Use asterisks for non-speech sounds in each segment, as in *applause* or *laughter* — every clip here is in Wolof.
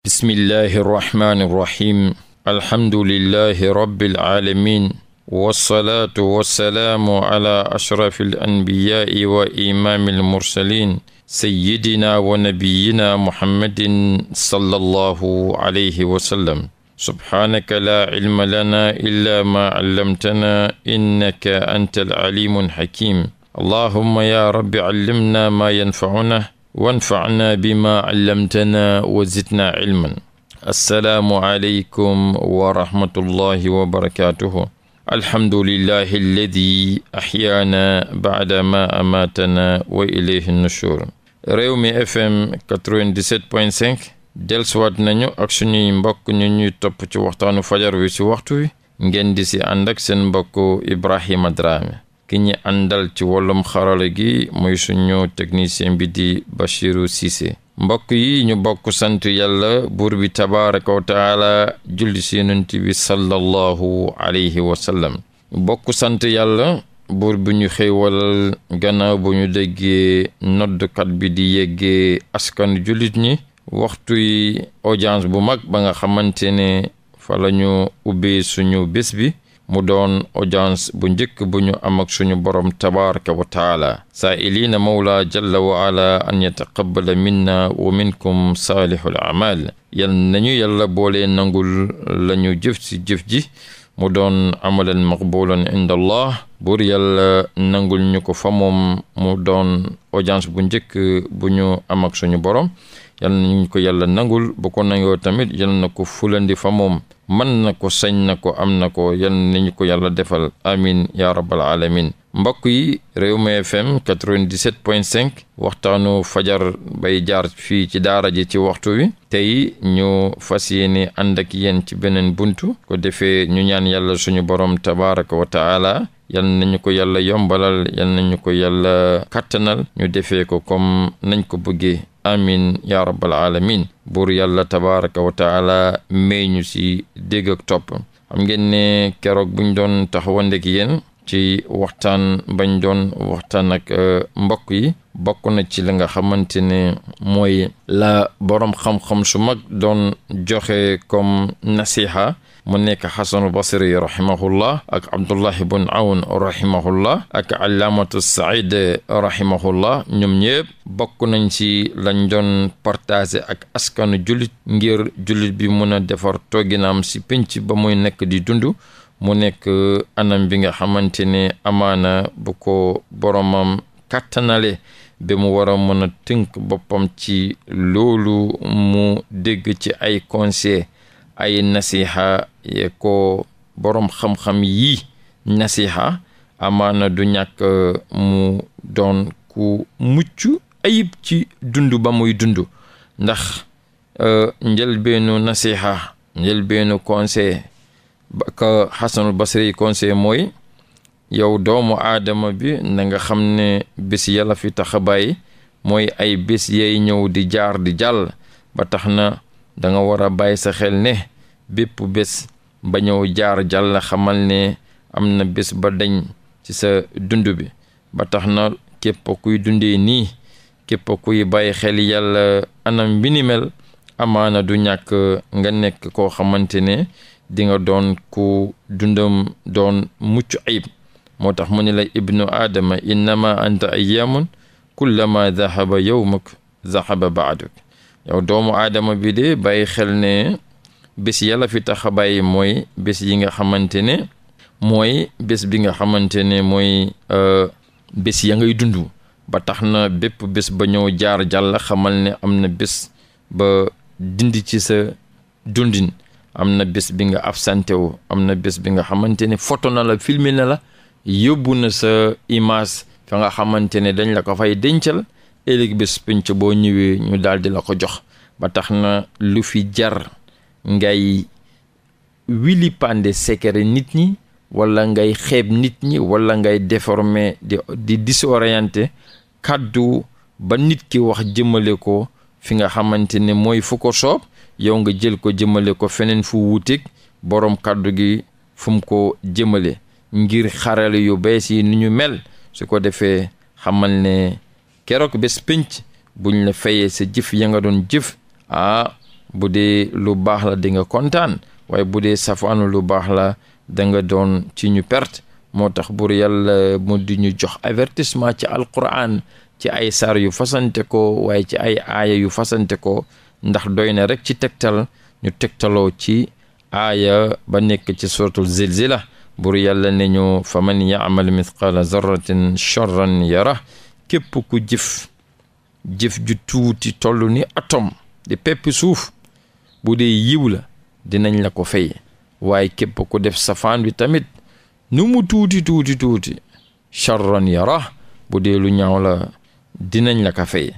bismillahi irrahmani irrahim alhamdulillahi rabbil aalamin wassalaatu wassalaamu ala ashrafi alanbiyaai wa imaami almursalin sayyidina wa nabiyina muhammadin sallallahu alayhi wa sallam subhaanaka laa cilma lanaa illaa maa callamtanaa innaka anta alcaliimu alxakim allahumma ya rabbi callimna maa yanfacuna wanfacnaa bimaa callamtanaa wa zidnaa cilman assalaamu aleykum wa rahmatullahi wa barakaatuhu alhamdulillahi alladi axyaana bacda ma amaatana wa ilayhi nushur réew mi fm 97.5 delsuwaat nañu ak suñuy mbokk ñu ñuy topp ci waxtaanu fajar wi ci waxtu wi ngeen di si ànd ak seen mbokk Ibrahima Drame ki ñi àndal ci wàllum xarala gi muy suñu technicien bi di Bachiru Cissé mbokk yi ñu bokk sant yàlla buur bi tabaraka wa taala julli si yonent bi sallallahu alayhi wa sallam bokk sant yàlla buur bi ñu xéewalal gannaaw bu ñu déggee noddkat bi di yeggee askan jullit ñi waxtu yi bu mag ba nga xamante ne fa la ñu ubbi suñu bés bi mu doon audience bu njëkk bu ñu am ak suñu borom tabaraka wa taala saa'iliina mawla jalla wa ala an yataqabbala minna wa minkum saalihul amal yal nañu yàlla boole nangul lañu jëf si jëf ji mu doon amalan maqbulan inda allah buur yàlla nangul ñu ko fa moom mu doon audience bu njëkk bu ñu am ak suñu borom yal nañu ko yàlla nangul bu ko tamit yal na ko fulandi fa moom mën na ko sañ na ko am na ko yal nañu ko yàlla defal amin ya rabbal alamin mbokk yi Rewmi FM 97.5 waxtaanu fajar bay jaar fii ci daara ji ci waxtu wi tey ñu fas yéene ànd ak yéen ci beneen buntu ko defee ñu ñaan yàlla suñu borom tabaraka wa taala yal ko yàlla yombalal yal nañu ko yàlla kattanal ñu defee ko comme nañ ko bëggee amin ya rabbal alamin buur yàlla tabaraka wa taala si dégg ak topp xam ngeen ne keroog buñ doon taxawandek yen ci waxtaan bañ doon waxtaan ak euh, mbokk yi bokk na ci la nga xamante ne mooy la borom xam-xam su mag doon joxe comme nasiha mu nekk xasanul basri rahimahullah ak abdullahi bun awn rahimahullah ak alaamatu said rahimahullah ñoom ñëpp bokk nañ ci lañ doon partager ak askanu jullit ngir jullit bi mën a defar togginaam si pénc ba muy nekk di dund mu nekk euh, anam bi nga xamante ne amaana bu ko boromam kattanale ba mu war a mën a tënk boppam ci loolu mu dégg ci ay conseil ay nasiha ye ko boroom xam-xam yi nasiha amaana du ñàkk euh, mu doon ku mucc ayib ci dund ba muy dund ndax euh, njëlbeenu nasiha njëlbeenu conseil ba ka Xasanul Basri conseil mooy yow doomu aadama bi na nga xam ne bés yàlla fi tax a mooy ay bés yay ñëw di jaar di jàll ba tax na da nga war a bàyyi sa xel ne bépp bés ba ñëw jaar jàll xamal ne am na bés ba dañ ci sa dund bi ba tax na képp kuy dundee nii képp kuy bàyyi xel yàlla anam bi ni mel amaana du ñàkk nga nekk koo xamante ne di doon ku dundam doon mucc ayib moo tax mu ne la ibnu aadama innama anta ayyamun kullama dahaba yowmuk dahaba baaduk yow doomu aadama bi de bàyyi xel ne bés yalla fi tax a bàyyi mooy bés yi nga xamante ne mooy bés bi nga xamante ne mooy euh, bés ya ngay dund ba tax na bépp bés ba ñëw jaar jàll xamal ne am na bés ba dindi ci sa dundin am na bés bi nga absenté wu am na bés bi nga xamante ne photo na la filmé na la yóbbu na sa image fa nga xamante ne dañ la ko fay dencal ëllëg bés pénc boo ñëwee ñu daal di la ko jox ba tax na lu fi jar ngay wili pande sekere nit ñi wala ngay xeeb nit ñi walla ngay déformer di di disorienté kàddu ba nit ki wax jëmmale ko fi nga xamante ne mooy fu ko soob yow nga jël ko jëmale ko feneen fu wuuteeg boroom kàddu gi fum ko jëmale ngir xarale yu bees yi ni ñu mel su ko defee xamal ne keroog bés pénc buñ la fayee sa jëf ya nga doon jëf ah bu dee lu baax la di kontaan waaye bu dee safaanu lu baax la da nga doon ci ñu pert moo tax bur yàlla mu di ñu jox avertissement ci alquran ci ay saar yu fasante ko waaye ci ay aaya yu fasante ko ndax doy na rek ci tegtal ñu tegtaloo ci aya ba nekk ci suratul zilzila bur yàlla ne ñu fa man yaamal mithqala zarratin charran yara képp ku jëf jëf ju tuuti toll ni atom di pepp suuf bu dee yiw la dinañ la ko fay waaye képp ku def safaan bi tamit numu tuuti tuuti tuuti charron yara bu dee lu ñaaw la dinañ la ko fay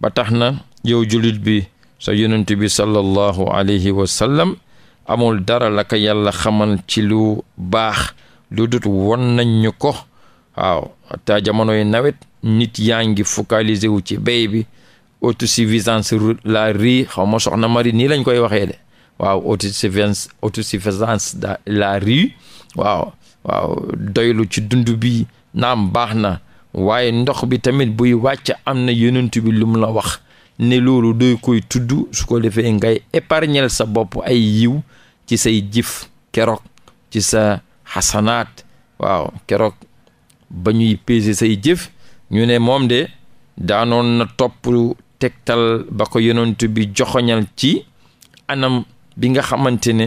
ba tax na yow jullit bi sa yonent bi sallallahu alayhi wa sallam amul dara la ko yàlla xamal ci lu baax lu dut won nañ ñu ko waaw ta nawet nit yaa ngi focaliser wu ci béy bi autosuffisance la riz xaw ma soxna mari nii lañ koy waxee de waaw autosuffisance autosuffisance de la riz waaw doylu ci dund bi naam baax na waaye ndox bi tamit buy wàcc am na yonent bi lu la wax ne loolu doy koy tudd su ko defee ngay épargnel sa bopp ay yiw ci say jif keroog ci sa xasanaat waaw keroog ba ñuy peser say jëf ñu ne moom de daanoon na topp tegtal ba ko yonent bi joxoñal ci anam bi nga xamante ne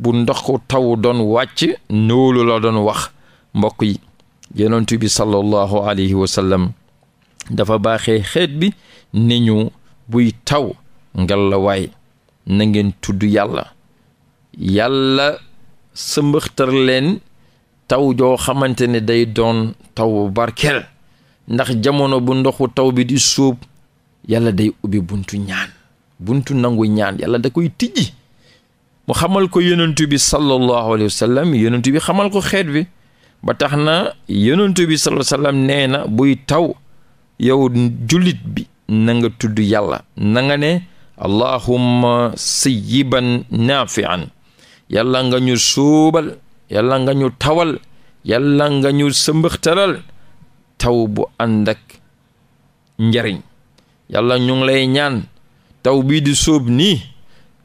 bu ndox taw doon wàcc noolu la doon wax mbokk yi yonent bi sallallahu alayhi wa sallam dafa baaxe xeet bi ne ñu buy taw ngalawaay na ngeen tudd yàlla yàlla sëmbëxtar leen taw joo xamante ne day doon taw barkeel ndax jamono bu ndoxu taw bi di suub yàlla day ubbi buntu ñaan buntu nangu ñaan yàlla da koy tijji mu xamal ko yonentu bi sallallahu alayhi wa sallam bi xamal ko xeet bi ba tax na yonentu bi sallallahu alayhi wa sallam nee na buy taw yow jullit bi nanga tudd yàlla na nga ne allahumma sayyiban naafian yàlla nga ñu suubal yàlla nga ñu tawal yàlla nga ñu sëmbëxtaral taw bu ànd njariñ yàlla ñu lay ñaan taw bii di suub nii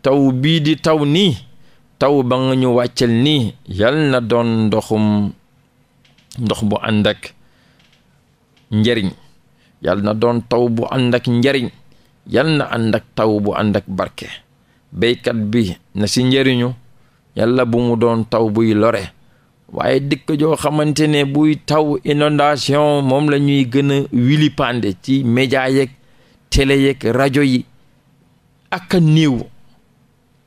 taw bii di taw nii taw ba nga ñu wàccel nii yal na doon ndoxum ndox bu ànd ak njariñ yal na doon taw bu ànd njariñ yal na ànd taw bu ànd barke béykat bi na ci njariñu yàlla bu mu doon taw buy lore waaye dëkk joo xamante ne buy taw inondation moom la ñuy gën a wili pande ci média yeeg télé yeeg rajo yi ak a néew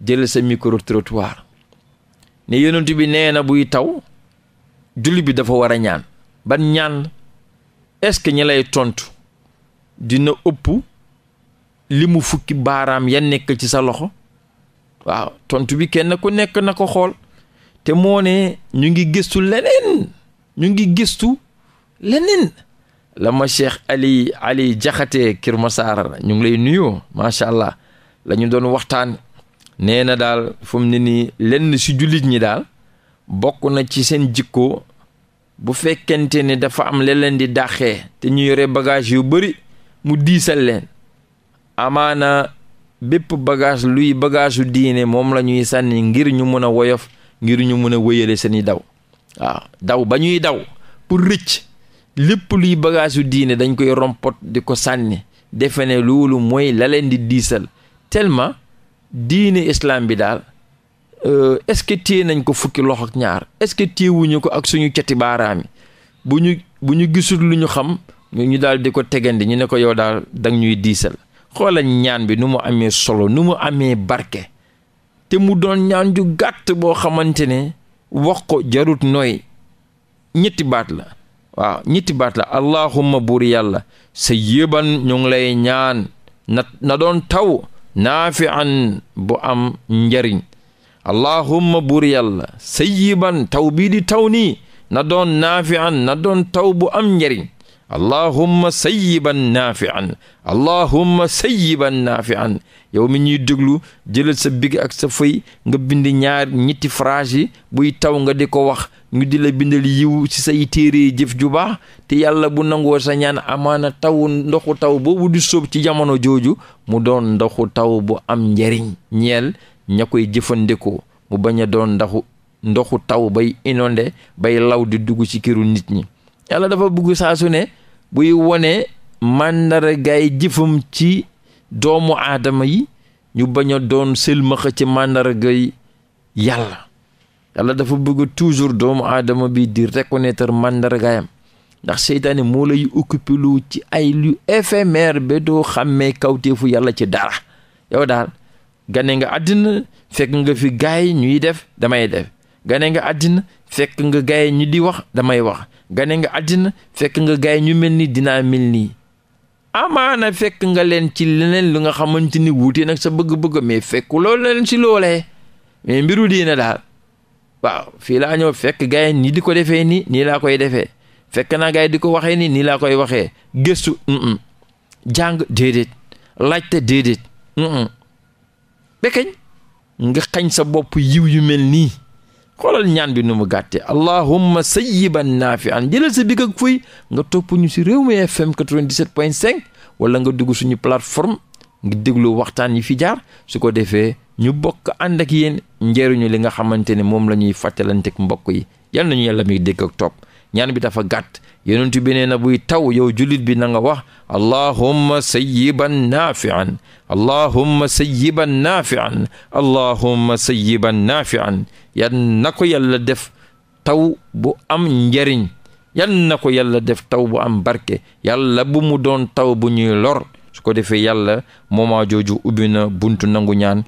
jël sa micro trottoir ne yonent bi nee na buy taw julli bi dafa war a ñaan ban ñaan est-ce que ñi lay tontu dina ëpp li mu fukki baaraam ya nekk ci sa loxo waaw tontu bi kenn ku nekk na ko xool te moone ñu ngi gëstu leneen ñu ngi gëstu leneen la ma Ali Ali Jaxate Kër Massar ñu ngi lay nuyoo macha allah lañu doon waxtaan nee na daal fu ne nii lenn si jullit ñi daal bokk na ci seen jikko bu fekkente ne dafa am leneen di dàqee te ñu yore bagage yu bari mu diisal leen amaana bépp bagage luy bagage yu diine moom la ñuy sànni ngir ñu mën a woyof ngir ñu mën a wéyale seeni daw waaw daw ba ñuy daw pour rëcc lépp luy bagaasu diine dañ koy rompot di ko sànni defe ne loolu mooy laleen di diisal tellement diine islam bi daal euh, est-ce que téye nañ ko fukki loxo ak ñaar est-ce que téyewuñu ko ak suñu cati baaraam yi bu ñu bu ñu gisul lu ñu xam ñu daal di ko tegandi ñu ne ko yow daal dang ñuy diisal xoolal ñaan bi nu mu amee solo nu mu amee barke te mu doon ñaan ju gàtt boo xamante ne wax ko jarut nooy ñetti baat la waaw ñetti baat la allahumma buur yàlla sa yéban lay ñaan na doon taw naafian bu am njariñ allahumma buur yàlla sa yiban taw bii di taw nii na doon naafian na doon taw bu am njariñ allahumma sayyiban naafian allahumma sayyiban an yow mi ñuy déglu jëlal sa big ak sa fëy nga bind ñaar ñetti phrase yi buy taw nga di ko wax ñu di la bindal yiw ci say téere jëf ju baax te yàlla bu nangoo sa ñaan amaana taw ndoxu taw boobu di sóob ci jamono jooju mu doon ndoxu taw bu am njariñ ñeel ña koy jëfandikoo mu bañ a doon ndaxu ndoxu taw bay inondé bay law di dugg ci këru nit ñi yàlla dafa bugg saa su ne buy wone màndargaay jëfam ci doomu aadama yi ñu bañ a doon sëlmaxa ci màndargay yàlla yàlla dafa bëgg toujours doomu aadama bi di reconnaître màndargaayam ndax seytaane moo lay occupé lu ci ay lu éphémère ba doo xàmmee kawteefu yàlla ci dara yow daal gane nga àddina fekk nga fi gaay ñuy def damay def gane nga àddina fekk nga gaay ñu di wax damay wax gane nga àddina fekk nga gay ñu mel ni dina mel nii amaana fekk nga leen ci leneen lu nga xamante ni wuute nag sa bëgg-bëgg mais fekk loolu leen ci loolee mais mbiru na daal waaw fii laa ñëw fekk gaay ñi di ko defee nii nii laa koy defee fekk naa gay di ko waxee nii nii laa koy waxee gëstu jàng déedéet laajte déedéet bekkañ nga xañ sa bopp yiw yu mel nii xoolal ñaan bi nu mu gàtte allahumma fi naafian jëlal sa big ak fuy nga topp ñu si réew mi fm 97.5 wala nga dugg suñu plateforme ngi déglu waxtaan yi fi jaar su ko defee ñu bokk ànd ak yéen njëriñu li nga xamante ne moom la ñuy fàttalante ak mbokk yi yal nañu yàlla muy dégg ak topp ñaan bi dafa gàtt yonent bi nee na buy taw yow julit bi na nga wax allahumma sayyiban naafian allahumma sayyiban naafian allahumma sayyiban naafian yan na ko yàlla def taw bu am njariñ yan na ko yàlla def taw bu am barke yàlla bu mu doon taw bu ñuy lor su ko defee yàlla moomaa jooju ubbi na buntu nangu ñaan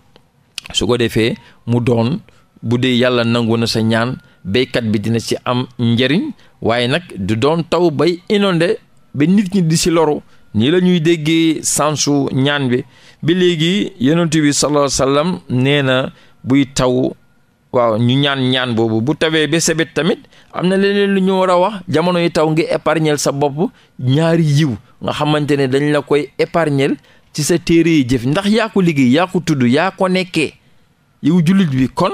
su ko defee mu doon bu dee yàlla nangu na sa ñaan béykat bi dina ci am njëriñ waaye nag du doon taw bay inondé ba nit ñi di si loro nii lañuy ñuy déggee sansu ñaan bi bi léegi yonent bi sallallahu alayhi nee na buy taw waaw ñu ñaan ñaan boobu bu tawee ba sebet tamit am na leneen lu ñu war a wax jamono yi taw ngi épargnel sa bopp ñaari yiw nga xamante ne dañ la koy épargnel ci sa téere yi jëf ndax yaa ko liggéey yaa ko tudd yaa ko nekkee yow jullit bi kon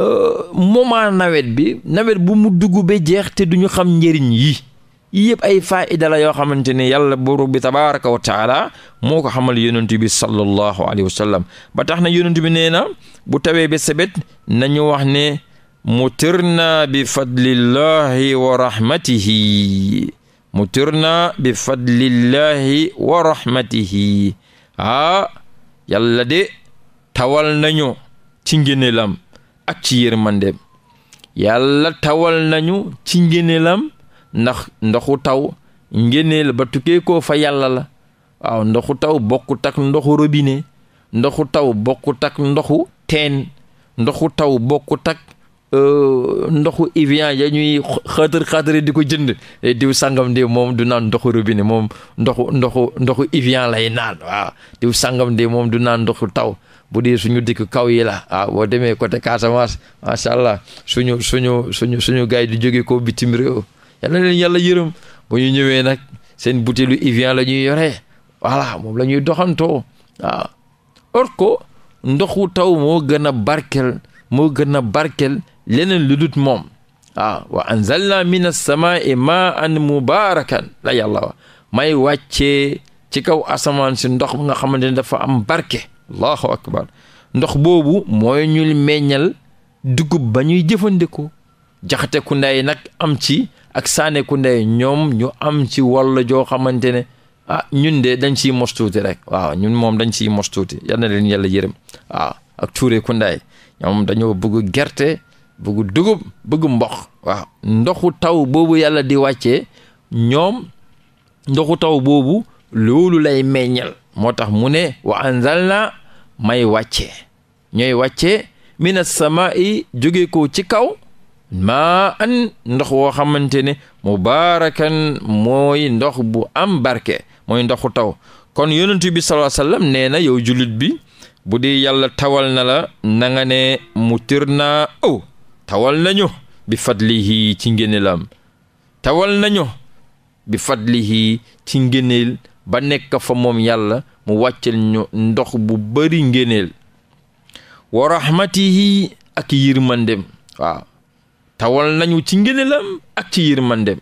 Euh, moment nawet bi nawet bu mu dugg ba jeex te duñu xam njëriñ yi yëpp ay faida la yoo xamante ne yàlla borom bi tabaraka wa taala moo ko xamal yonent bi sallallahu alayhi wa ba tax na yonent bi nee na bu tawee ba sebet nañu wax ne mu bi fadlillahi wa rahmatihi mutirna bi ah, de tawal nañu ci ngëneelam ak ci yërmandeem yàlla tawal nañu ci ngéneelam ndax ndoxu taw ngéneel ba tukkee ko fa yàlla la waaw ndoxu taw bokkut ak ndoxu robine ndoxu taw bokkut ak ndoxu teen ndoxu taw bokkut takk Euh, ndoxu Evian ya ñuy xaatar xaatar di ko jënd eh, diw sangam de moom du naan ndoxu robine moom ndoxu ndoxu ndoxu Evian lay naan waaw diw sangam de moom du naan ndoxu taw bu dee suñu dikk kaw yi la waaw ah, boo demee côté Casamance macha allah suñu suñu suñu suñu gars di jóge ko bitim réew yàlla yërëm bu ñu ñëwee nag seen butéelu Evian la ñuy yoree voilà moom la ñuy doxantoo waaw or ko taw moo gën a barkel moo gën a barkel. leneen lu dut moom waaw ah, wa anzalna min as-samaa'i maa'an mubaarakan la yàlla wa may wàccee ci kaw asamaan si ndox nga xamante ne dafa am barke allahu akbar ndox boobu mooy ñu meññal dugub ba ñuy jëfandikoo jaxate ku ndey nag am ci ak saane ku ndey ñoom ñu am ci walla joo xamante ne ah ñun de dañ ciy mostuuti rek waaw ñun moom dañ ciy mostuuti tuuti yal na leen yàlla yërëm ah, ak tuure ku ndey ñoom dañoo bëgg gerte bëggu dugub bëggu mboq waaw ndoxu taw boobu yàlla di wàcce ñoom ndoxu taw boobu loolu lay meññal moo tax mu ne wa anzalna may wàccee ñooy wàccee mina samaa'i jóge ko ci kaw maa an ndox woo xamante ne mubaarakan mooy ndox bu am barke mooy ndoxu taw kon yonent bi sallallahu alayhi nee na yow jullit bi bu di yàlla tawal na la na ne mu mutir naa aw oh, tawal nañu bi yi ci ngéneelam tawal nañu bi yi ci ngéneel ba nekk fa moom yàlla mu wàccel ñu ndox bu bari ngéneel wa yi ak yërmandem waaw tawal nañu ci ngéneelam ak ci yërmandem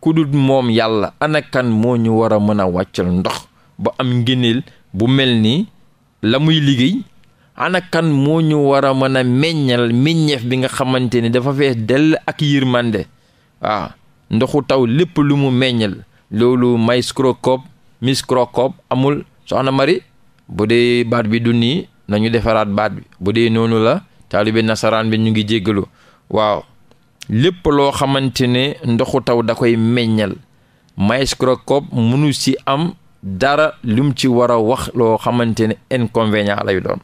ku dul moom yàlla anakan moo ñu war a mën a wàccal ndox ba am ngéneel bu mel nii la muy liggéey ana kan moo ñu war a mën a meññal meññeef bi nga xamante ni dafa fees dell ak yërmande waaw ah, ndoxu taw lépp lu mu meññal loolu microscope microscope amul soxna mari bu dee baat bi du nii nañu defaraat baat bi bu dee noonu la taalibe nasaraan bi ñu ngi jéggalu waaw lépp loo xamante ne ndoxu taw da koy meññal microscope mënu ci am dara lum ci war a wax loo xamante ne inconvénient layu doon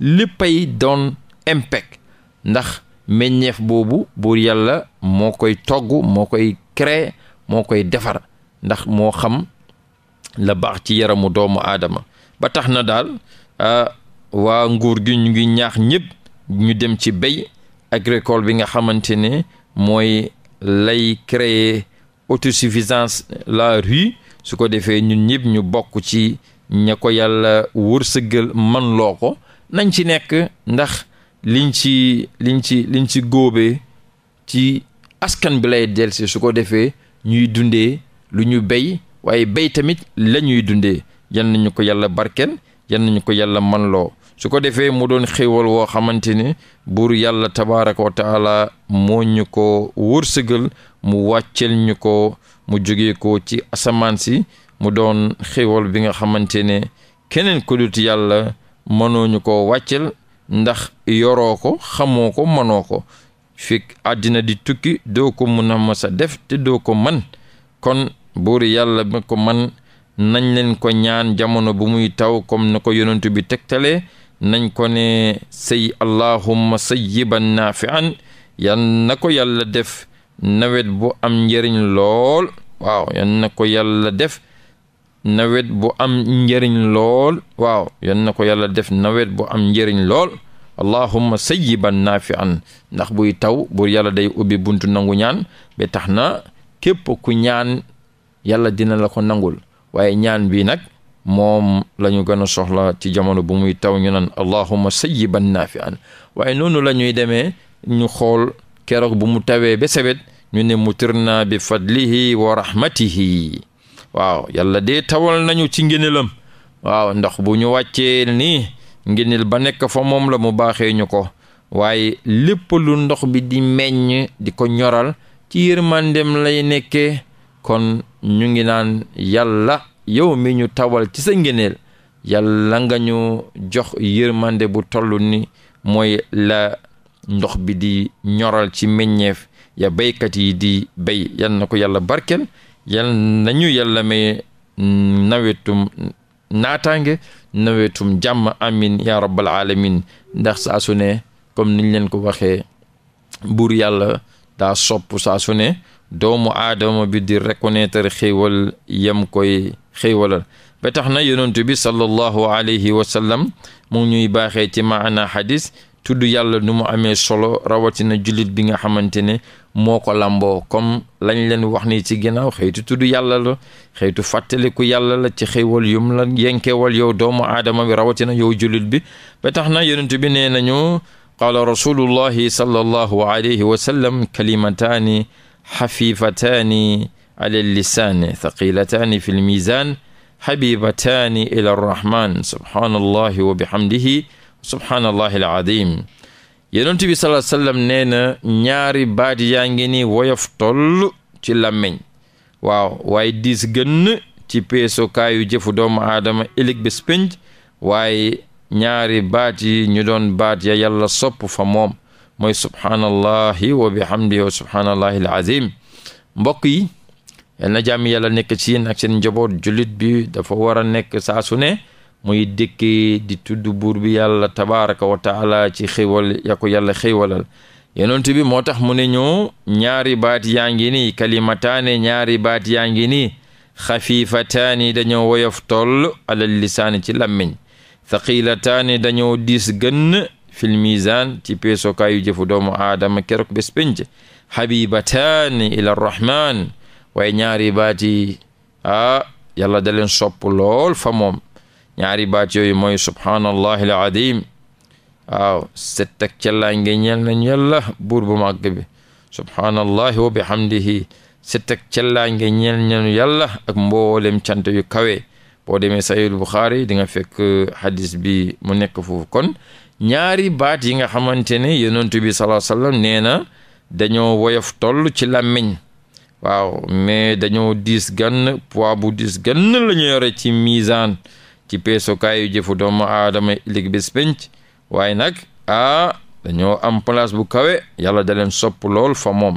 léppay doon impec ndax meññeef boobu buur yàlla moo koy togg moo koy créer moo koy defar ndax moo xam la baax ci yaramu doomu aadama ba tax na daal euh, waa nguur gi ñu ngi ñaax ñëpp ñu dem ci bay agricole bi nga xamante ne mooy lay créer autosuffisance la rue su ko defee ñun ñëpp ñu bokk ci ña ko yàlla wërsëgal man loo ko nañ ci nekk ndax liñ ci liñ ci liñ ci góobee ci askan bi lay delsi su ko defee ñuy dundee lu ñu béy waaye béy tamit la ñuy dundee yan nañu ko yàlla barken yan nañu ko yàlla man loo su ko defee mu doon xéewal woo xamante ne buur yàlla tabaraka wa taala moo ñu ko wërsëgal mu wàccel ñu ko mu jógee ko ci asamaan si mu doon xéewal bi nga xamante ne keneen ko yàlla mënooñu ko wàccel ndax yoroo ko xamoo ko mënoo ko fik àddina di tukki doo ko mun a masa def te doo ko man kon buur yàlla mi ko man nañ leen ko ñaan jamono bu muy taw comme na ko yonentu bi tegtalee nañ ko ne sëy allahumma sayyiban naafian yan na ko yàlla def nawet bu am njëriñ lool waaw yan ko yàlla def nawet bu am njëriñ lool waaw yan na ko yàlla def nawet bu am njëriñ lool allahumma sayyiban naafian ndax buy taw buur yàlla day ubbi buntu nangu ñaan ba tax na képp ku ñaan yàlla dina la ko nangul waaye ñaan bii nag moom lañu ñu gën a soxla ci jamono bu muy taw ñu naan allahumma sayyiban naafian waaye noonu la ñuy demee ñu xool keroog bu mu tawee ba sebet ñu ne mutirna bi fadlihi wa rahmatihi waaw yàlla de tawal nañu ci ngéneelam waaw ndox bu ñu wàccee nii ngéneel ba nekk fa moom la mu baaxee ko waaye lépp lu ndox bi di meññ di ko ñoral ci yërmandem lay nekkee kon ñu ngi naan yàlla yow mi ñu tawal ci sa ngéneel yàlla nga ñu jox yërmande bu toll ni mooy la ndox bi di ñoral ci meññeef ya baykat yi di bay yal na ko yàlla barkeel yal nañu yàlla may mm, nawetum naataange nawetum jàmm amin ya rabbal ndax saa su ne comme niñ leen ko waxee buur yàlla daa sopp saa su ne doomu aadama bi di reconnaître xéewal yam koy xéewalal ba tax na yonent bi sallallahu alayhi wa sallam ñuy baaxee ci maana xadis tudd yàlla nu mu amee solo rawatina jullit bi nga xamante ne moo ko lamboo comme lañ leen wax ni ci ginnaaw xëytu tudd yàlla la xëytu fàttaliku yàlla la ci xëywal yum la yenkewal yow doomu aadama bi rawatina yow julit bi ba tax na yonent bi nee nañu qaala rasulullahi sallallahu alayhi wa sallam kalimataani xafifataani ala lisaani thaqilataani fi lmizan subhaanallahi alazim yonent bi sallallahu alayhi wa nee na ñaari baat yaa ngi ni woyof toll ci làmmiñ waaw waaye diis gënn ci peesukaayu jëfu doomu aadama ëllëg bés pénc waaye ñaari baat yi ñu doon baat ya yàlla sopp fa moom mooy subhaanallahi wa bihamdihi wa subhaanallahi alazim mbokk yi na jàmm yàlla nekk ci yéen ak seen njaboot jullit bi dafa war a nekk saa su ne muy dëkkee di tuddu buur bi yàlla tabaraka ci xéwal ya ko yàlla xéwalal yonent moo tax mu ne ñu ñaari baat yaa ngi ni kalimataane ñaari baat yaa ngi nii xafiifataani dañoo woyof toll alal lisaani ci làmmiñ thaqilataani dañoo diis gënn fil misaan ci peesokaayu jëfu doomu aadama keroog bés pénc habibataani ila rahman ñaari baat yi ah yàlla sopp lool fa moom ñaari baat yooyu mooy subhaanallahi al adim waaw set ak cellaa nge ñeel nañ yàlla buur bu màgg bi subhaanallahi wa bihamdihi set ak cellaa nge ñeel nañu yàlla ak mboolem cant yu kawe boo demee sahih buxaari di nga fekk hadis bi mu nekk foofu kon ñaari baat yi nga xamante ne yonent bi sallallahu alayhi wasallam nee na dañoo woyof toll ci làmmiñ waaw mais dañoo dis gann poids bu diis gann la yore ci misaan ci peesukaayu jëfu doomu aadama lig bis penc waaye nag ah dañoo am place bu kawe yàlla da leen sopp lool fa moom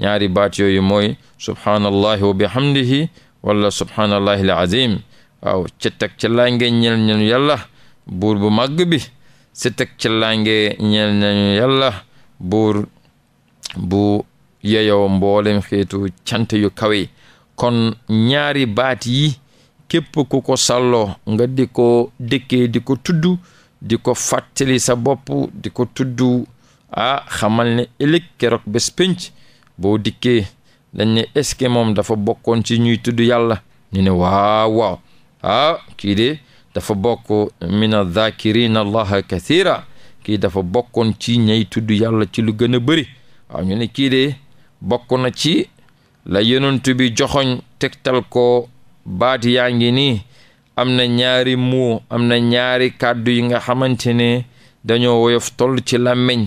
ñaari baat yooyu mooy subhaanallahi wa bi wala subhaanallahi alazim waaw ci teg ci laa nge ñel ñenu yàlla buur bu màgg bi si teg ci laa nge yàlla buur bu yeyoo mboolem xeetu cant yu kawe kon ñaari baat yi képp ku ko sàlloo nga di ko dëkkee di ko tudd di ko fàttali sa bopp di ko tuddu ah xamal ne ëllëg keroog bés pénc boo dikkee dañ ne est-ce que moom dafa bokkoon ci ñuy tudd yàlla ñu ne waaw waaw ah kii de dafa bokk min adh-dhakirina kii dafa bokkoon ci ñay tudd yàlla ci lu gën a bëri waaw ñu ne kii de na ci la yonent bi joxoñ tegtal ko baat yaa ngi nii am na ñaari muu am na ñaari kàddu yi nga xamante ne dañoo toll ci làmmiñ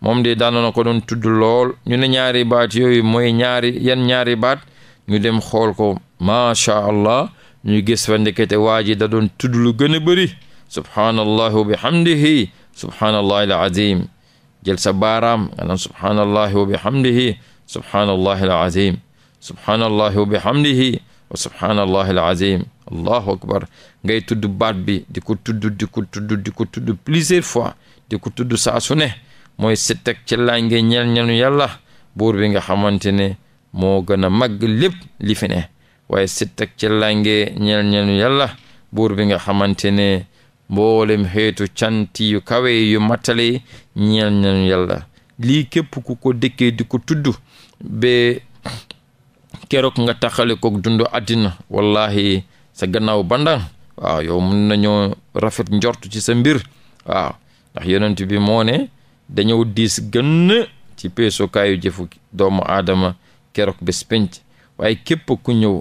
moom de daana na ko doon tudd lool ñu ne ñaari baat yooyu mooy ñaari yan ñaari baat ñu dem xool ko macha allah ñu gis fa ndekete waa ji da doon tudd lu gën a bëri subhaanallah wa bihamdihi subhaanallah al azim jël sa baaraam nga naan subhaanallah wa bihamdihi subhaanallah wa subhaanallahi al azim allahu akbar ngay tudd baat bi di ko tudd di tudd di ko tudd plusieurs fois di ko tudd saa su ne mooy seteg ci laa ngay ñel ñenu yàlla buur bi nga xamante ne moo gën a màgg lépp li fi ne waaye seteg ci laa ngay ñel ñenu yàlla buur bi nga xamante ne mboolem xeetu canti yu kawe yu mattale ñeel ñenu yàlla lii képp ku ko dëkkee di ko tudd be keroog nga taxale koog dundu àddina wallahi sa gannaaw bandang waaw yow mun nañoo rafet njort ci sa mbir waaw ndax yonent bi moone ne diis gën ci peesukaayu jëfu doomu aadama keroog bés waaye képp ku ñëw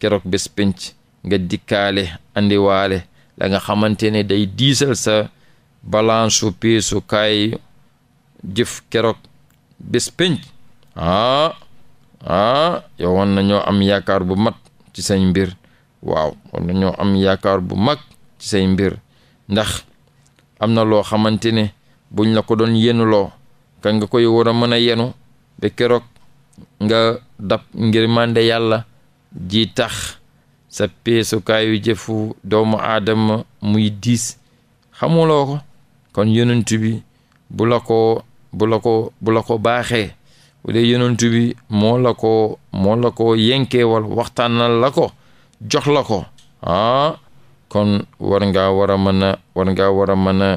keroog bés penc nga dikkaale andiwaale la nga xamante ne day diisal sa balansu peesukaayu jëf keroog bés penc ah ah yow wan nañoo am yaakaar bu mag ci say mbir waaw wan nañoo am yaakaar bu mag ci say mbir ndax am na loo xamante ne buñ la ko doon yenuloo kan nga koy war a mën a yenu ba keroog nga dab ngir mànde yàlla ji tax sa peesukaayu jëfu doomu aadama muy diis xamuloo ko kon yonent bi bu la ko bu la ko bu la ko baaxee bu dee yonentu bi moo la ko moo la ko yenkeewal waxtaanal la ko jox la ko ah kon war ngaa war a mën a war ngaa war a mën a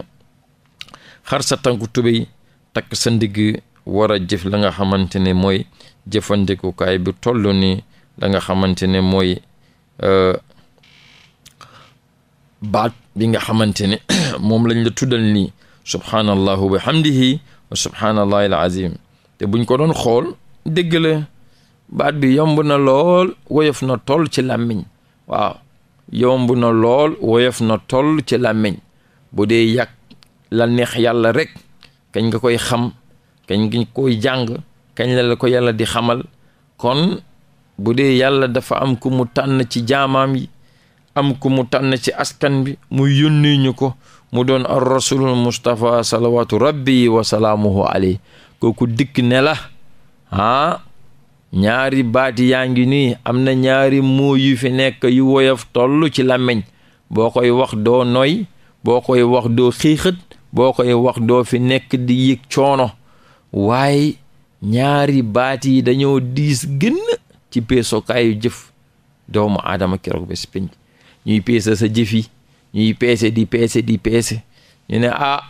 xar sa tànku tubéy takk sa ndigg war a jëf la nga xamante ne mooy jëfandikukaay bi toll ni langa nga xamante ne mooy euh, baat bi nga xamante ne *clears throat* moom lañ la tuddal nii subhaanallahu wa hamdihi wa subhaanallahi al azim te buñ ko doon xool dégg la baat bi yomb na lool woyof na toll ci làmmiñ waaw yomb na lool woyof na toll ci làmmiñ bu dee yàq la neex yàlla rekk kañ nga koy xam kañ nga koy jàng kañ la ko yàlla di xamal kon bu dee yàlla dafa am ku mu tànn ci jaamam yi am ku mu tànn ci askan bi mu yónni ko mu doon ar rasulul mustapha salawatu rabbi wa salaamuhu kooku dikk ne la ah, ñaari baati yaa ngi nii am na ñaari moo yu fi nekk yu woyof toll ci làmmiñ boo koy wax doo noy boo koy wax doo xiixat boo koy wax doo fi nekk di yëg coono waaye ñaari baat yi dañoo diis gën ci peesokaayu jëf doomu aadama keroog bés penc ñuy peese sa jëf yi ñuy peese di peese di peese ñu ne ah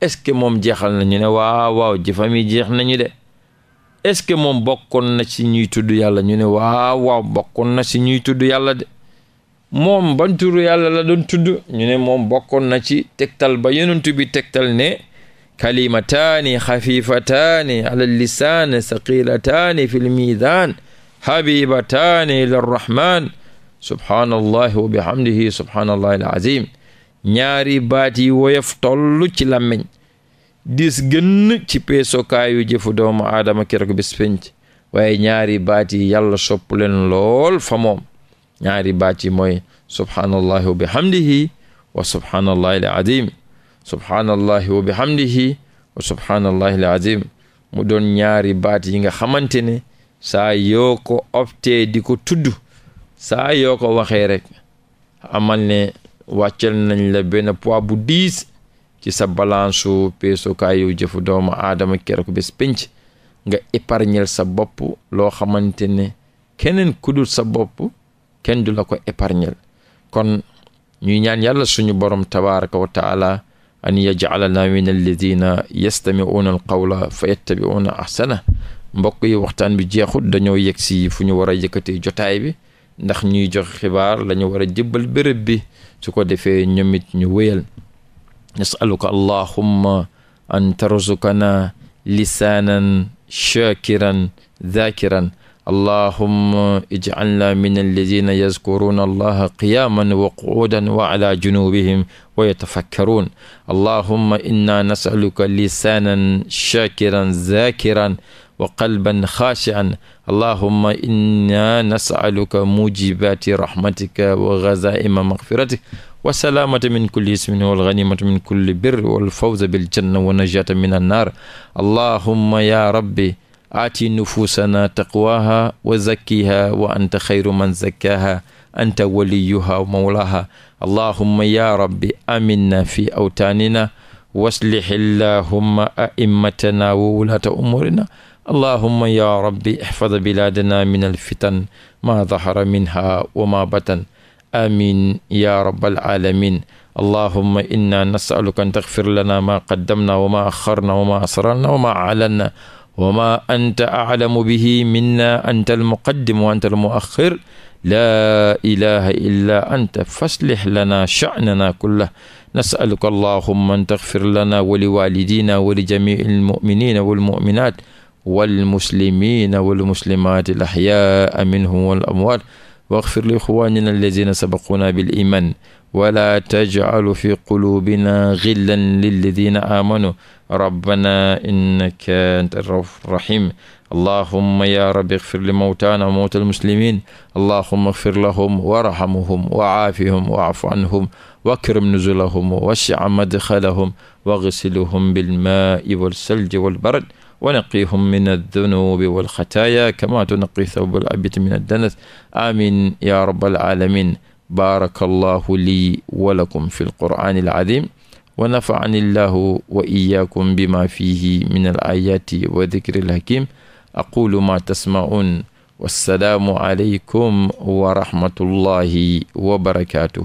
est-ce que moom jeexal na ñu ne waaw waaw jëfam yi jeex nañu de est-ce que moom bokkoon na ci ñuy tudd yàlla ñu ne waaw waaw bokkoon na ci ñuy tudd yàlla de moom ban turu yàlla la doon tudd ñu ne moom bokkoon na ci tegtal ba yonent bi tegtal ne kalimataani xafifataani ala lisaan saqilataani fi lmiizaan habibataani subhaanallahi wa bihamdihi subhaanallahi alazim ñaari baat yi woyof toll ci làmmiñ dis gënn ci peesokaayu jëfu doomu aadama keroog bis penc waaye ñaari baat yi yàlla sopp leen lool fa moom ñaari baat yi mooy subhaanallahi wa bihamdihi wa subhaanallahi al azim subhaanallahi wa bihamdihi wa subhaanallahi al azim mu doon ñaari baat yi nga xamante ne saa ko optee di ko tudd saa yoo ko waxee rek amal ne wàccal nañ la benn poids bu diis ci sa balansu peesukaayu jëfu doomu aadama keroog bés pénc nga épargnel sa bopp loo xamante ne keneen kudul sa bopp kenn du la ko épargnel kon ñuy ñaan yàlla suñu borom tabaraka wa taala an yajalana min alladina yastamiuuna al qawla fa yattabiuuna ahsana mbokk yi waxtaan bi jeexut dañoo yegg si fu ñu war a yëkkatee jotaay bi ndax ñuy jox xibaar lañu war a jébbal béréb bi su ko defee ñoom it ñu wéyal nasaluka allahumma an tarzukana lisaanan shakiran dhakiran allahumma ijcalna min alladina yazkuruna allaha qiyaaman wa qu'uudan wa ala junubihim wa yatafakkaruun allahumma inna nasaluka lisaanan shakiran dhakiran wa qalban xaashi'an allahuma inna nasaluka mujibati rahmatika wa gazaima magfiratik wa salaamata min kulli ismin wal ganimata min kulli bir wal fawza bil janna wa najata min annaar allahuma ya rabbi aati nufuusanaa taqwaaha wa zakkiha wa anta xayru man zakkaaha anta waliyuha wa mawlaaha allahumma ya rabbi aminna fi awtaanina waslih allahumma a'immatana wa wulaata umuurina allahumma ya rabbi ihfad bilaadana min alfitan ma dahara minha wa ma batan amin ya rabbal alamin allahumma inna nasaluka an taghfir lana ma qaddamna wa ma axarna wa ma asrarna wa ma alanna wa ma anta aclamu bihi minna anta almuqaddim wa anta almuaxir laa ilaha illa anta faslih lana sha'nana kullah nasaluka allahumma an taghfir lana wa liwalidina wa lijamici almuminina walmuminat walmuslimina walmuslimaati l axyaa minhum wal amwaat waxfir li ixwaanina allazina sabaquuna bil iman wala tajcalu fi quluubina gillan lilladina aamanu rabbana innaka anta rauf rahim allahumma ya rabbi ixfir li mawtaana mawta almuslimin allahumma ixfir lahum warhamhum wa aafihum wa afu anhum wa akrim nuzulahum wa wasi' madxalahum wa gsilhum bilmaai walsalji walbarad wa naqihum min addunubi walxataaya kama tunaqi thawbal abit min addanas amin ya rabbal alamin baraka allahu lii wa lakum fi alqur'ani alazim wa nafa'ani allahu wa iyyakum bima fihi min alayati wa dhikri alhakim aqulu ma tasma'un wassalaamu alaykum wa rahmatullahi wa barakatuhu